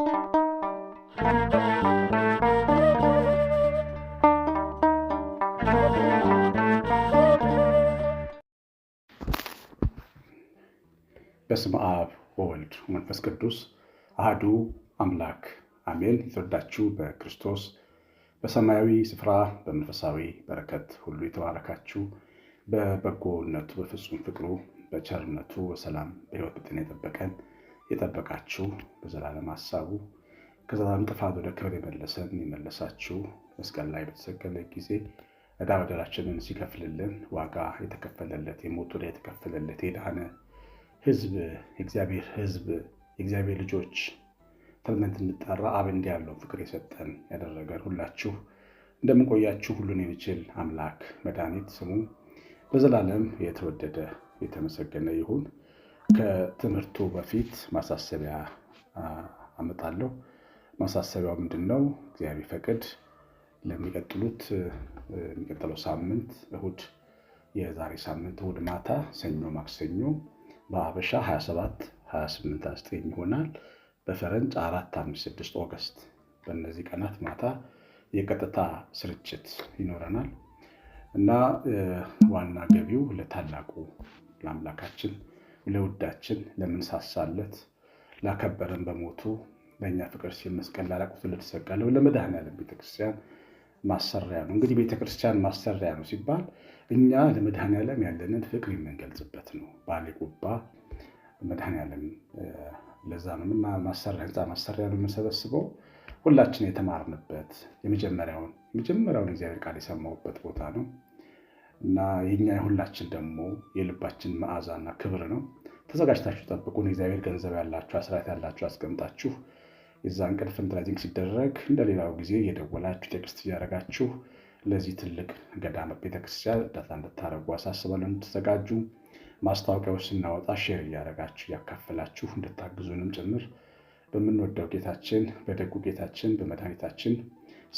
በስመ አብ ወወልድ መንፈስ ቅዱስ አህዱ አምላክ አሜን። የተወዳችሁ በክርስቶስ በሰማያዊ ስፍራ በመንፈሳዊ በረከት ሁሉ የተባረካችሁ በበጎነቱ በፍጹም ፍቅሩ በቸርነቱ በሰላም በሕይወት በጤና የጠበቀን የጠበቃችሁ በዘላለም ሀሳቡ ከዘላለም ጥፋት ወደ ክብር የመለሰን የመለሳችሁ መስቀል ላይ በተሰቀለ ጊዜ ዕዳ በደላችንን ሲከፍልልን ዋጋ የተከፈለለት የሞት ላይ የተከፈለለት የዳነ ህዝብ የእግዚአብሔር ህዝብ የእግዚአብሔር ልጆች ተብለን እንድንጠራ አብ እንዲህ ያለው ፍቅር የሰጠን ያደረገን ሁላችሁ እንደምንቆያችሁ ሁሉን የሚችል አምላክ መድኃኒት ስሙ በዘላለም የተወደደ የተመሰገነ ይሁን። ከትምህርቱ በፊት ማሳሰቢያ አመጣለሁ። ማሳሰቢያው ምንድን ነው? እግዚአብሔር ፈቅድ ለሚቀጥሉት የሚቀጥለው ሳምንት እሁድ፣ የዛሬ ሳምንት እሁድ ማታ፣ ሰኞ፣ ማክሰኞ በአበሻ 27፣ 28፣ 29 ይሆናል። በፈረንጭ 4፣ 5፣ 6 ኦገስት በእነዚህ ቀናት ማታ የቀጥታ ስርጭት ይኖረናል እና ዋና ገቢው ለታላቁ ለአምላካችን ለውዳችን ለምንሳሳለት ላከበረን በሞቱ በእኛ ፍቅር ሲል መስቀል ላላቁት ለተሰቀለው ለመድኃኔዓለም ቤተክርስቲያን ማሰሪያ ነው። እንግዲህ ቤተክርስቲያን ማሰሪያ ነው ሲባል እኛ ለመድኃኔዓለም ያለንን ፍቅር የምንገልጽበት ነው። ባሌ ጎባ መድኃኔዓለም ለዛ ነው ማሰሪያ ህንፃ ማሰሪያ ነው የምንሰበስበው። ሁላችን የተማርንበት የመጀመሪያውን የመጀመሪያውን እግዚአብሔር ቃል የሰማሁበት ቦታ ነው። እና የኛ የሁላችን ደግሞ የልባችን መዓዛና ክብር ነው። ተዘጋጅታችሁ ጠብቁን። እግዚአብሔር ገንዘብ ያላችሁ አስራት ያላችሁ አስቀምጣችሁ የዛን ቀን ፈንድራይዚንግ ሲደረግ እንደ ሌላው ጊዜ እየደወላችሁ ቴክስት እያደረጋችሁ ለዚህ ትልቅ ገዳመ ቤተክርስቲያን እርዳታ እንድታደረጉ አሳስባለሁ። እንድትዘጋጁ ማስታወቂያዎች ስናወጣ ሼር እያደረጋችሁ እያካፈላችሁ እንድታግዙንም ጭምር በምንወደው ጌታችን በደጉ ጌታችን በመድኃኒታችን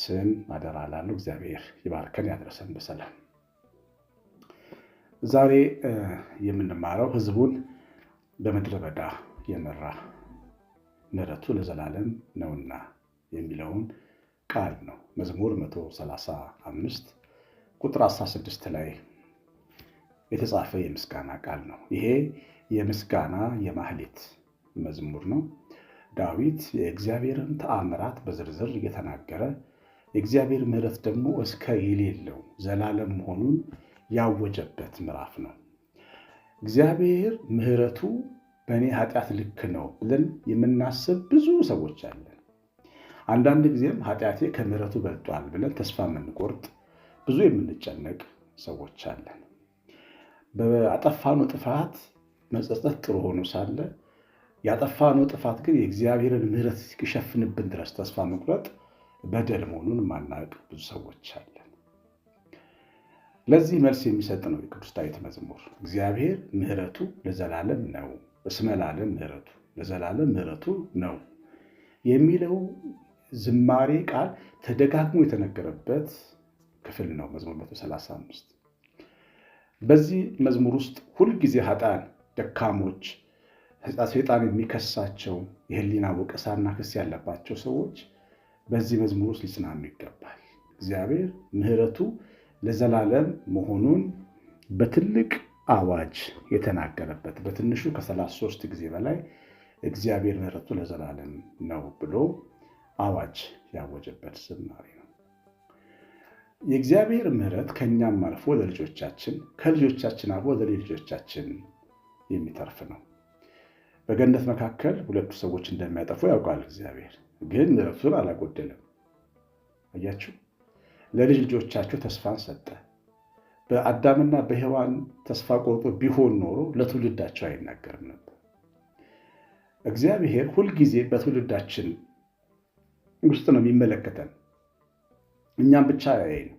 ስም አደራ እላለሁ። እግዚአብሔር ይባርከን ያድረሰን በሰላም ዛሬ የምንማረው ህዝቡን በምድረ በዳ የመራ ምሕረቱ ለዘላለም ነውና የሚለውን ቃል ነው። መዝሙር 135 ቁጥር 16 ላይ የተጻፈ የምስጋና ቃል ነው። ይሄ የምስጋና የማህሌት መዝሙር ነው። ዳዊት የእግዚአብሔርን ተአምራት በዝርዝር እየተናገረ የእግዚአብሔር ምሕረት ደግሞ እስከ የሌለው ዘላለም መሆኑን ያወጀበት ምዕራፍ ነው። እግዚአብሔር ምሕረቱ በእኔ ኃጢአት ልክ ነው ብለን የምናስብ ብዙ ሰዎች አለን። አንዳንድ ጊዜም ኃጢአቴ ከምሕረቱ በልጧል ብለን ተስፋ የምንቆርጥ ብዙ የምንጨነቅ ሰዎች አለን። በአጠፋኑ ጥፋት መጸጸት ጥሩ ሆኖ ሳለ ያጠፋነው ጥፋት ግን የእግዚአብሔርን ምሕረት እስኪሸፍንብን ድረስ ተስፋ መቁረጥ በደል መሆኑን ማናቅ ብዙ ሰዎች አለ። ለዚህ መልስ የሚሰጥ ነው የቅዱስ ዳዊት መዝሙር። እግዚአብሔር ምሕረቱ ለዘላለም ነው፣ እስመላለም ምሕረቱ ለዘላለም ምሕረቱ ነው የሚለው ዝማሬ ቃል ተደጋግሞ የተነገረበት ክፍል ነው መዝሙር 135። በዚህ መዝሙር ውስጥ ሁልጊዜ ሀጣን ደካሞች፣ ሰይጣን የሚከሳቸው የህሊና ወቀሳና ክስ ያለባቸው ሰዎች በዚህ መዝሙር ውስጥ ሊጽናኑ ይገባል። እግዚአብሔር ምሕረቱ ለዘላለም መሆኑን በትልቅ አዋጅ የተናገረበት በትንሹ ከ33 ጊዜ በላይ እግዚአብሔር ምሕረቱ ለዘላለም ነው ብሎ አዋጅ ያወጀበት ዝማሬ ነው። የእግዚአብሔር ምሕረት ከእኛም አልፎ ለልጆቻችን ከልጆቻችን አልፎ ለልጆቻችን የሚተርፍ ነው። በገነት መካከል ሁለቱ ሰዎች እንደሚያጠፉ ያውቃል እግዚአብሔር፣ ግን ምሕረቱን አላጎደለም። አያችሁ። ለልጅ ልጆቻቸው ተስፋን ሰጠ። በአዳምና በሔዋን ተስፋ ቆርጦ ቢሆን ኖሮ ለትውልዳቸው አይናገርም ነበር። እግዚአብሔር ሁልጊዜ በትውልዳችን ውስጥ ነው የሚመለከተን። እኛም ብቻ ያይ ነው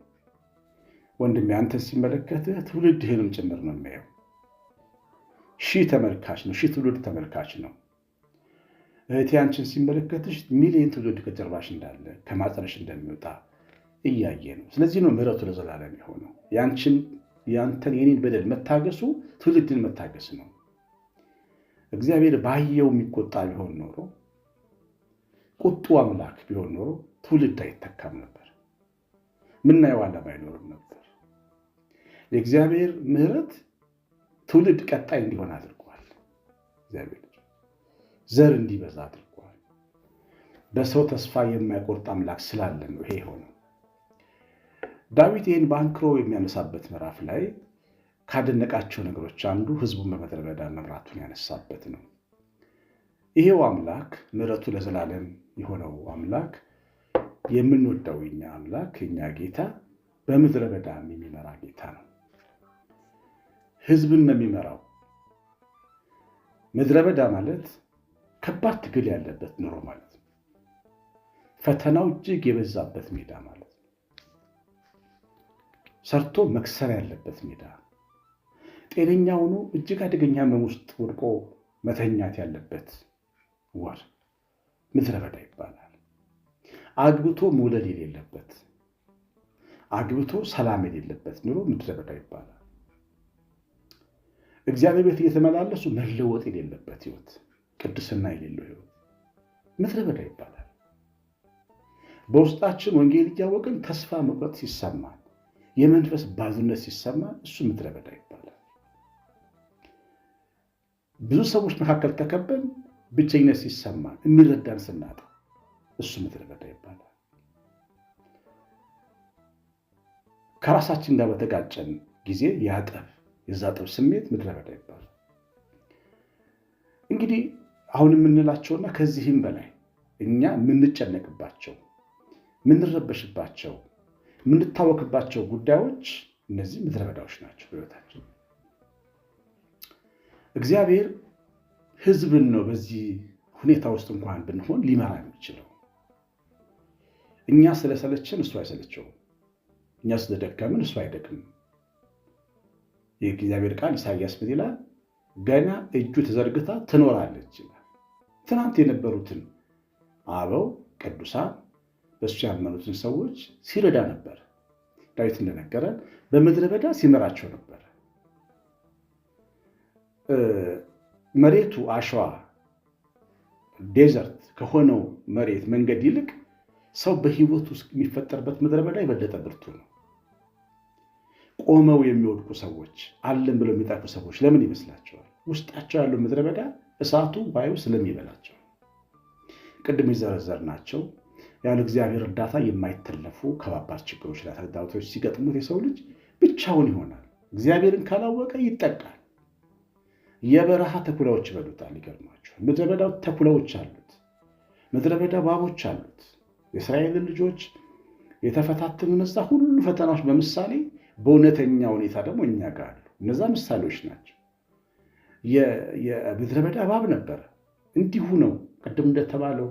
ወንድሜ፣ አንተን ሲመለከትህ ትውልድህንም ጭምር ነው የሚያየው። ሺህ ተመልካች ነው፣ ሺህ ትውልድ ተመልካች ነው። እህቴ አንቺን ሲመለከትሽ ሚሊዮን ትውልድ ከጀርባሽ እንዳለ ከማፀነሽ እንደሚወጣ እያየ ነው። ስለዚህ ነው ምሕረቱ ለዘላለም የሆነው። ያንችን ያንተን የኔን በደል መታገሱ ትውልድን መታገስ ነው። እግዚአብሔር ባየው የሚቆጣ ቢሆን ኖሮ ቁጡ አምላክ ቢሆን ኖሮ ትውልድ አይተካም ነበር፣ ምናየው ዓለም አይኖርም ነበር። የእግዚአብሔር ምሕረት ትውልድ ቀጣይ እንዲሆን አድርጓል። እግዚአብሔር ዘር እንዲበዛ አድርጓል። በሰው ተስፋ የማይቆርጥ አምላክ ስላለ ነው ይሄ የሆነው። ዳዊት ይህን በአንክሮ የሚያነሳበት ምዕራፍ ላይ ካደነቃቸው ነገሮች አንዱ ህዝቡን በምድረ በዳ መምራቱን ያነሳበት ነው። ይሄው አምላክ ምሕረቱ ለዘላለም የሆነው አምላክ የምንወደው የኛ አምላክ የኛ ጌታ በምድረ በዳም የሚመራ ጌታ ነው። ህዝብን ነው የሚመራው። ምድረ በዳ ማለት ከባድ ትግል ያለበት ኑሮ ማለት ነው። ፈተናው እጅግ የበዛበት ሜዳ ማለት ሰርቶ መክሰር ያለበት ሜዳ፣ ጤነኛ ሆኖ እጅግ አደገኛ ህመም ውስጥ ወድቆ መተኛት ያለበት ወር ምድረ በዳ ይባላል። አግብቶ መውለድ የሌለበት፣ አግብቶ ሰላም የሌለበት ኑሮ ምድረ በዳ ይባላል። እግዚአብሔር ቤት እየተመላለሱ መለወጥ የሌለበት ህይወት፣ ቅድስና የሌለው ህይወት ምድረ በዳ ይባላል። በውስጣችን ወንጌል እያወቅን ተስፋ መቁረጥ ይሰማል። የመንፈስ ባዝነት ሲሰማ እሱ ምድረ በዳ ይባላል። ብዙ ሰዎች መካከል ተከበን ብቸኝነት ሲሰማ የሚረዳን ስናጣ እሱ ምድረ በዳ ይባላል። ከራሳችን ጋር በተጋጨን ጊዜ ያጠብ የዛጠብ ስሜት ምድረ በዳ ይባላል። እንግዲህ አሁን የምንላቸውና ከዚህም በላይ እኛ የምንጨነቅባቸው የምንረበሽባቸው የምንታወቅባቸው ጉዳዮች እነዚህ ምድረ በዳዎች ናቸው። ህይወታችን እግዚአብሔር ህዝብን ነው በዚህ ሁኔታ ውስጥ እንኳን ብንሆን ሊመራ የሚችለው። እኛ ስለሰለችን እሱ አይሰለቸውም። እኛ ስለደከምን እሱ አይደክምም። የእግዚአብሔር ቃል ኢሳያስ ምን ይላል? ገና እጁ ተዘርግታ ትኖራለች ይላል። ትናንት የነበሩትን አበው ቅዱሳን በእሱ ያመኑትን ሰዎች ሲረዳ ነበር። ዳዊት እንደነገረን በምድረ በዳ ሲመራቸው ነበር። መሬቱ አሸዋ ዴዘርት ከሆነው መሬት መንገድ ይልቅ ሰው በህይወት ውስጥ የሚፈጠርበት ምድረ በዳ የበለጠ ብርቱ ነው። ቆመው የሚወድቁ ሰዎች፣ አለን ብለው የሚጠፉ ሰዎች ለምን ይመስላቸዋል? ውስጣቸው ያለው ምድረ በዳ እሳቱ ባዩ ስለሚበላቸው ቅድም ናቸው?። ያለ እግዚአብሔር እርዳታ የማይተለፉ ከባባድ ችግሮች ላይ ተግዳሮቶች ሲገጥሙት የሰው ልጅ ብቻውን ይሆናል። እግዚአብሔርን ካላወቀ ይጠቃል። የበረሃ ተኩላዎች ይበሉታል። ይገርማቸው ምድረ በዳው ተኩላዎች አሉት። ምድረ በዳ ባቦች አሉት። የእስራኤልን ልጆች የተፈታተኑ እነዛ ሁሉ ፈተናዎች በምሳሌ በእውነተኛ ሁኔታ ደግሞ እኛ ጋር አሉ። እነዛ ምሳሌዎች ናቸው። የምድረ በዳ እባብ ነበረ። እንዲሁ ነው። ቅድም እንደተባለው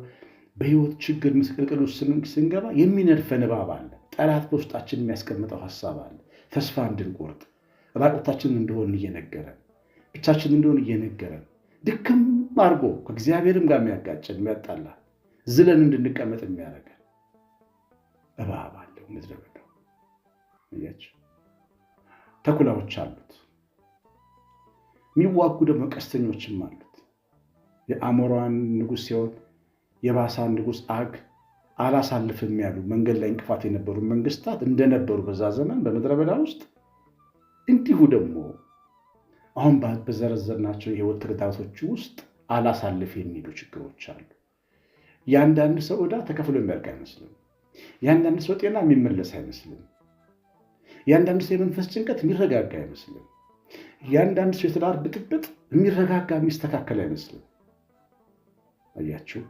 በህይወት ችግር ምስቅልቅል ውስጥ ስንገባ የሚነድፈን እባብ አለ። ጠላት በውስጣችን የሚያስቀምጠው ሀሳብ አለ። ተስፋ እንድንቆርጥ ራቆታችን እንደሆን እየነገረን፣ ብቻችን እንደሆን እየነገረን፣ ድክም አድርጎ ከእግዚአብሔርም ጋር የሚያጋጨን የሚያጣላ፣ ዝለን እንድንቀመጥ የሚያደርገን እባብ አለው። ምድረ በዳው ተኩላዎች አሉት። የሚዋጉ ደግሞ ቀስተኞችም አሉት። የአሞራን ንጉሥ ሲሆን የባሳን ንጉስ አግ አላሳልፍም ያሉ መንገድ ላይ እንቅፋት የነበሩ መንግስታት እንደነበሩ በዛ ዘመን በምድረ በዳ ውስጥ እንዲሁ ደግሞ አሁን በዘረዘርናቸው የህይወት ተግዳሮቶች ውስጥ አላሳልፍ የሚሉ ችግሮች አሉ። የአንዳንድ ሰው ዕዳ ተከፍሎ የሚያልቅ አይመስልም። የአንዳንድ ሰው ጤና የሚመለስ አይመስልም። የአንዳንድ ሰው የመንፈስ ጭንቀት የሚረጋጋ አይመስልም። የአንዳንድ ሰው የትዳር ብጥብጥ የሚረጋጋ የሚስተካከል አይመስልም። አያችሁ።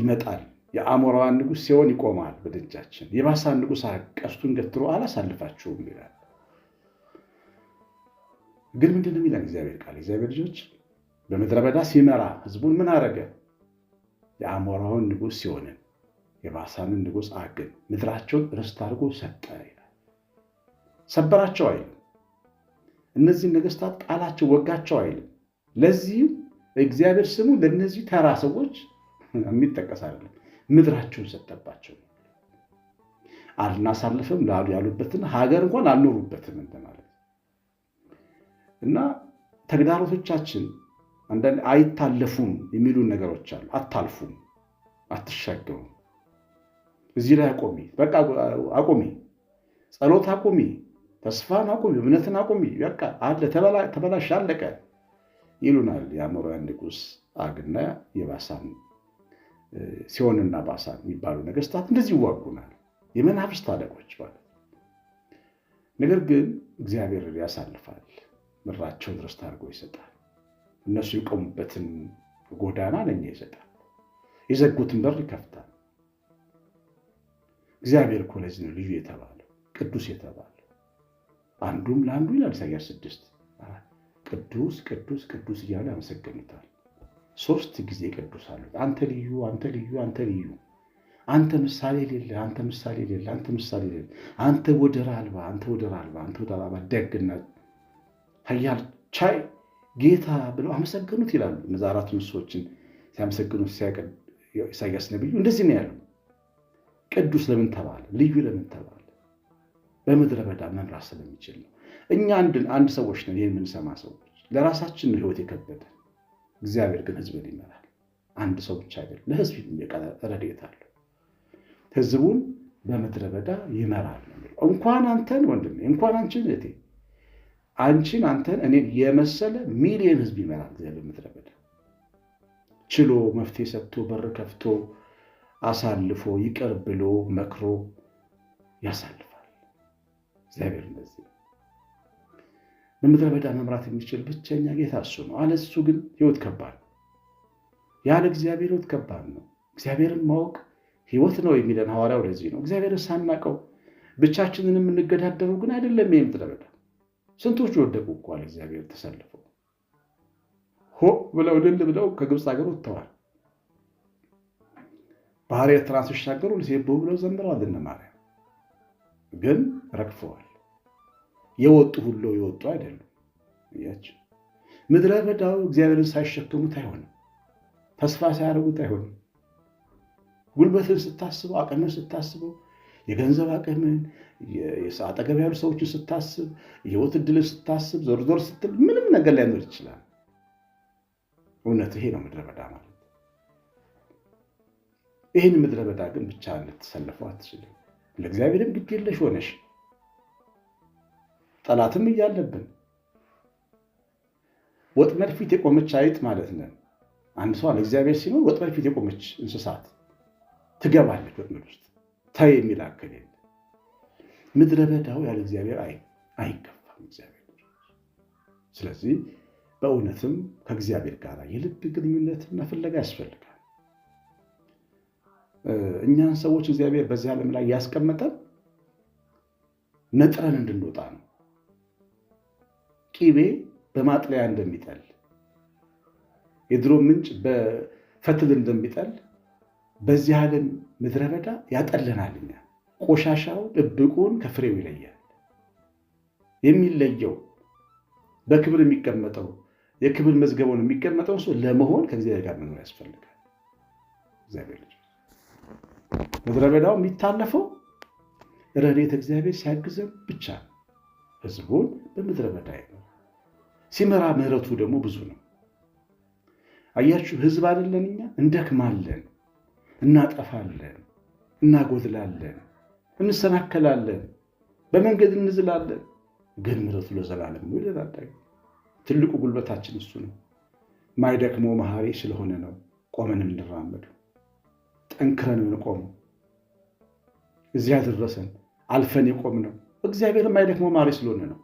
ይመጣል። የአሞራዋን ንጉሥ ሲሆን ይቆማል በደጃችን። የባሳን ንጉሥ ቀስቱን ገትሮ አላሳልፋችሁም ይላል። ግን ምንድን ነው የሚለን እግዚአብሔር ቃል? እግዚአብሔር ልጆች በምድረ በዳ ሲመራ ህዝቡን ምን አረገ? የአሞራውን ንጉሥ ሲሆንን የባሳንን ንጉሥ አግን ምድራቸውን ርስት አድርጎ ሰጠ ይላል። ሰበራቸው አይልም። እነዚህን ነገስታት ጣላቸው፣ ወጋቸው አይልም። ለዚህም እግዚአብሔር ስሙ ለእነዚህ ተራ ሰዎች የሚጠቀስ አይደለም። ምድራቸውን ሰጠባቸው። አልናሳልፍም ላሉ ያሉበትን ሀገር እንኳን አልኖሩበትም እንደማለት እና ተግዳሮቶቻችን አንዳንድ አይታለፉም የሚሉን ነገሮች አሉ። አታልፉም፣ አትሻገሩም፣ እዚህ ላይ አቆሚ፣ በቃ አቆሚ፣ ጸሎት አቆሚ፣ ተስፋን አቆሚ፣ እምነትን አቆሚ፣ በቃ አለ ተበላሽ፣ አለቀ ይሉናል የአእምሮያን ንጉስ አግና የባሳን ሲሆንና ባሳ የሚባሉ ነገስታት እንደዚህ ይዋጉናል። የመናፍስት አለቆች ማለት ነገር ግን እግዚአብሔር ያሳልፋል፣ ምራቸውን ርስት አድርጎ ይሰጣል። እነሱ የቆሙበትን ጎዳና ለኛ ይሰጣል፣ የዘጉትን በር ይከፍታል። እግዚአብሔር እኮ ለዚህ ነው ልዩ የተባለው ቅዱስ የተባለው አንዱም ለአንዱ ይላል ኢሳያስ ስድስት ቅዱስ ቅዱስ ቅዱስ እያሉ ያመሰግኑታል። ሶስት ጊዜ ቅዱስ አሉት። አንተ ልዩ፣ አንተ ልዩ፣ አንተ ልዩ፣ አንተ ምሳሌ ሌለ፣ አንተ ምሳሌ ሌለ፣ አንተ ምሳሌ ሌለ፣ አንተ ወደር አልባ፣ አንተ ወደር አልባ፣ አንተ ወደር አልባ ደግነት ኃያል ቻይ ጌታ ብለው አመሰገኑት ይላሉ። እነዛ አራት እንስሶችን ሲያመሰግኑት ኢሳያስ ነብዩ እንደዚህ ነው ያለው። ቅዱስ ለምን ተባለ? ልዩ ለምን ተባለ? በምድረ በዳ መምራት ስለሚችል ነው። እኛ አንድ ሰዎች ነን። ይህን የምንሰማ ሰዎች ለራሳችን ነው ህይወት የከበደ እግዚአብሔር ግን ህዝብን ይመራል። አንድ ሰው ብቻ አይደለም፣ ለህዝብ የሚቀረ ረድኤት አለ። ህዝቡን በምድረ በዳ ይመራል። እንኳን አንተን ወንድሜ፣ እንኳን አንቺን እህቴ፣ አንቺን አንተን እኔን የመሰለ ሚሊየን ህዝብ ይመራል እግዚአብሔር ምድረ በዳ ችሎ መፍትሄ ሰጥቶ በር ከፍቶ አሳልፎ ይቅር ብሎ መክሮ ያሳልፋል እግዚአብሔር እንደዚህ በምድረ በዳ መምራት የሚችል ብቸኛ ጌታ እሱ ነው። አለ እሱ ግን ህይወት ከባድ ነው። ያለ እግዚአብሔር ህይወት ከባድ ነው። እግዚአብሔርን ማወቅ ህይወት ነው የሚለን ሐዋርያው ለዚህ ነው። እግዚአብሔርን ሳናቀው ብቻችንን የምንገዳደረው ግን አይደለም። ይህ ምድረ በዳ ስንቶች ወደቁ እኮ አለ እግዚአብሔር ተሰልፈው ሆ ብለው ድል ብለው ከግብፅ ሀገር ወጥተዋል። ባህር ኤርትራ ሲሻገሩ ሴቦ ብለው ዘምረዋል። እነ ማርያም ግን ረግፈዋል። የወጡ ሁሉ የወጡ አይደሉም። እያቸው ምድረ በዳው እግዚአብሔርን ሳይሸከሙት አይሆንም። ተስፋ ሳያደርጉት አይሆንም። ጉልበትን ስታስበው፣ አቅምን ስታስበው፣ የገንዘብ አቅምን አጠገብ ያሉ ሰዎችን ስታስብ፣ የህይወት እድልን ስታስብ፣ ዞር ዞር ስትል ምንም ነገር ላይኖር ይችላል። እውነት ይሄ ነው ምድረ በዳ ማለት። ይህን ምድረ በዳ ግን ብቻ ልትሰልፈው አትችልም። ለእግዚአብሔርም ግድ የለሽ ሆነሽ ጠላትም እያለብን ወጥመድ ፊት የቆመች አይጥ ማለት ነን። አንድ ሰው አለ ሲኖር ወጥመድ ፊት የቆመች እንስሳት ትገባለች ወጥመድ ውስጥ ታይ የሚል አክል ምድረ በዳው ያለ እግዚአብሔር አይገፋም እግዚአብሔር። ስለዚህ በእውነትም ከእግዚአብሔር ጋር የልብ ግንኙነትና ፍለጋ ያስፈልጋል። እኛን ሰዎች እግዚአብሔር በዚህ ዓለም ላይ ያስቀመጠን ነጥረን እንድንወጣ ነው። ቂቤ በማጥለያ እንደሚጠል የድሮ ምንጭ በፈትል እንደሚጠል በዚህ ዓለም ምድረ በዳ ያጠለናልኛ ቆሻሻው ድብቁን ከፍሬው ይለያል። የሚለየው በክብር የሚቀመጠው የክብር መዝገቡን የሚቀመጠው እሱ ለመሆን ከእግዚአብሔር ጋር መኖር ያስፈልጋል። እግዚአብሔር ምድረ በዳው የሚታለፈው ረድኤተ እግዚአብሔር ሲያግዘን ብቻ ህዝቡን በምድረ በዳ ሲመራ ምሕረቱ ደግሞ ብዙ ነው። አያችሁ ህዝብ አይደለን እኛ እንደክማለን፣ እናጠፋለን፣ እናጎድላለን፣ እንሰናከላለን፣ በመንገድ እንዝላለን። ግን ምሕረቱ ለዘላለም ነው ይለናል። ትልቁ ጉልበታችን እሱ ነው። ማይደክመው መሐሪ ስለሆነ ነው ቆመን የምንራመዱ ጠንክረን የምንቆመው እዚያ ደረሰን አልፈን ነው እግዚአብሔር ማይደክመው መሐሪ ስለሆነ ነው።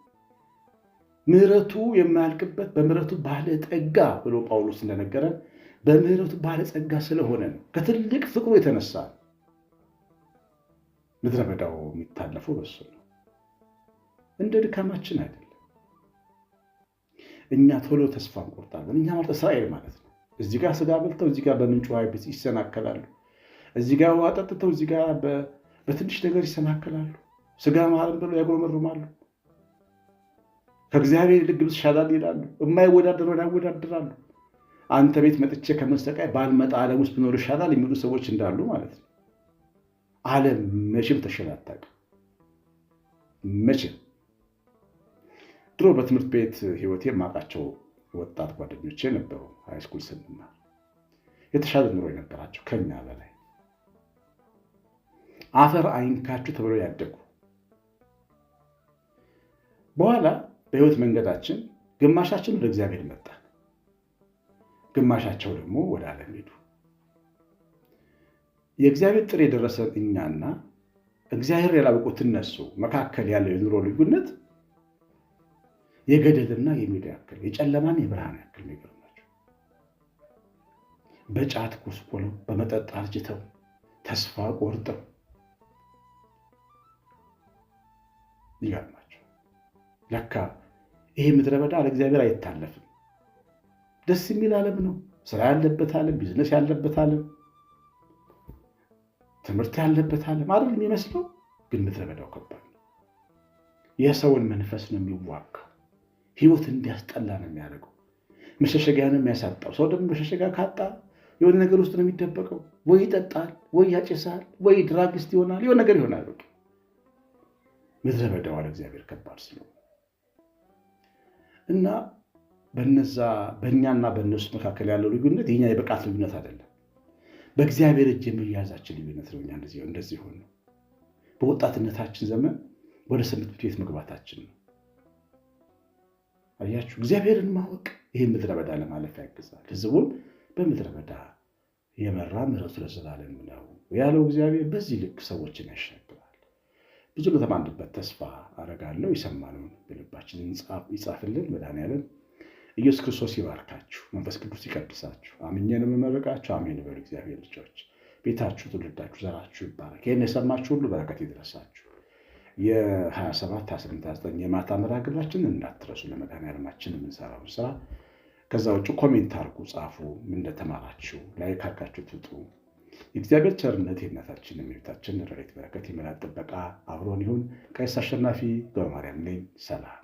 ምሕረቱ የማያልቅበት በምሕረቱ ባለጠጋ ብሎ ጳውሎስ እንደነገረን በምሕረቱ ባለጸጋ ስለሆነ ነው። ከትልቅ ፍቅሩ የተነሳ ምድረ በዳው የሚታለፈው በሱ ነው። እንደ ድካማችን አይደለም። እኛ ቶሎ ተስፋ እንቆርጣለን። እኛ ማለት እስራኤል ማለት ነው። እዚህ ጋር ስጋ በልተው እዚህ ጋር በምንጭ ውሃ ይሰናከላሉ። እዚህ ጋር ውሃ ጠጥተው እዚህ ጋር በትንሽ ነገር ይሰናከላሉ። ስጋ ማለም ብለው ያጎረመርማሉ። ከእግዚአብሔር ይልቅ ግብፅ ይሻላል ይላሉ። የማይወዳደር ያወዳድራሉ። አንተ ቤት መጥቼ ከመሰቃይ ባልመጣ ዓለም ውስጥ ብኖር ይሻላል የሚሉ ሰዎች እንዳሉ ማለት ነው። ዓለም መቼም ተሽላ አታውቅም። መቼም ድሮ በትምህርት ቤት ህይወቴ የማውቃቸው ወጣት ጓደኞቼ ነበሩ። ሃይስኩል ስንማር የተሻለ ኑሮ የነበራቸው ከኛ በላይ አፈር አይንካችሁ ተብለው ያደጉ በኋላ በህይወት መንገዳችን ግማሻችን ወደ እግዚአብሔር መጣ ግማሻቸው ደግሞ ወደ ዓለም ሄዱ። የእግዚአብሔር ጥሪ የደረሰን እኛና እግዚአብሔር ያላወቁት እነሱ መካከል ያለው የኑሮ ልዩነት የገደልና የሜዳ ያክል የጨለማን የብርሃን ያክል ነገር ናቸው። በጫት ጎስቁለው በመጠጥ አርጅተው ተስፋ ቆርጠው ይገርማቸው ለካ ይሄ ምድረ በዳ ለእግዚአብሔር አይታለፍም። ደስ የሚል ዓለም ነው። ስራ ያለበት ዓለም፣ ቢዝነስ ያለበት ዓለም፣ ትምህርት ያለበት ዓለም አይደል የሚመስለው። ግን ምድረ በዳው ከባድ ነው። የሰውን መንፈስ ነው የሚዋካው ህይወት እንዲያስጠላ ነው የሚያደርገው። መሸሸጊያ ነው የሚያሳጣው። ሰው ደግሞ መሸሸጊያ ካጣ የሆነ ነገር ውስጥ ነው የሚደበቀው። ወይ ይጠጣል፣ ወይ ያጭሳል፣ ወይ ድራግስት ይሆናል፣ የሆነ ነገር ይሆናል። ምድረ በዳዋ ለእግዚአብሔር ከባድ ስለሆነ እና በነዛ በእኛና በእነሱ መካከል ያለው ልዩነት የኛ የብቃት ልዩነት አይደለም። በእግዚአብሔር እጅ የመያዛችን ልዩነት ነው። እኛ እንደዚህ ሆነ በወጣትነታችን ዘመን ወደ ስንብት ቤት መግባታችን ነው። አያችሁ፣ እግዚአብሔርን ማወቅ ይህ ምድረ በዳ ለማለፍ ያግዛል። ህዝቡን በምድረ በዳ የመራ ምሕረቱ ለዘላለም ነው ያለው እግዚአብሔር በዚህ ልክ ሰዎችን ያሻግራል። ብዙ ለተማንበት ተስፋ አረጋለሁ። ይሰማነውን ብሎ ልቦናችንን ይጻፍልን። መድኃኔዓለም ኢየሱስ ክርስቶስ ይባርካችሁ፣ መንፈስ ቅዱስ ይቀድሳችሁ። አምኜን የምመርቃችሁ አሜን በሉ። እግዚአብሔር ልጆች ቤታችሁ፣ ትውልዳችሁ፣ ዘራችሁ ይባረክ። ይህን የሰማችሁ ሁሉ በረከት ይድረሳችሁ። የ27 19 የማታ መራግላችን ግብራችን እንዳትረሱ። ለመድኃኔዓለማችን የምንሰራውን ስራ ከዛ ውጭ ኮሜንት አርጉ፣ ጻፉ። ምን እንደተማራችሁ ላይክ አርጋችሁ ትጡ። የእግዚአብሔር ቸርነት የእናታችን የእመቤታችን ረድኤት በረከት የመላእክት ጥበቃ አብሮን ይሁን። ቀሲስ አሸናፊ ገብረማርያም ነኝ። ሰላም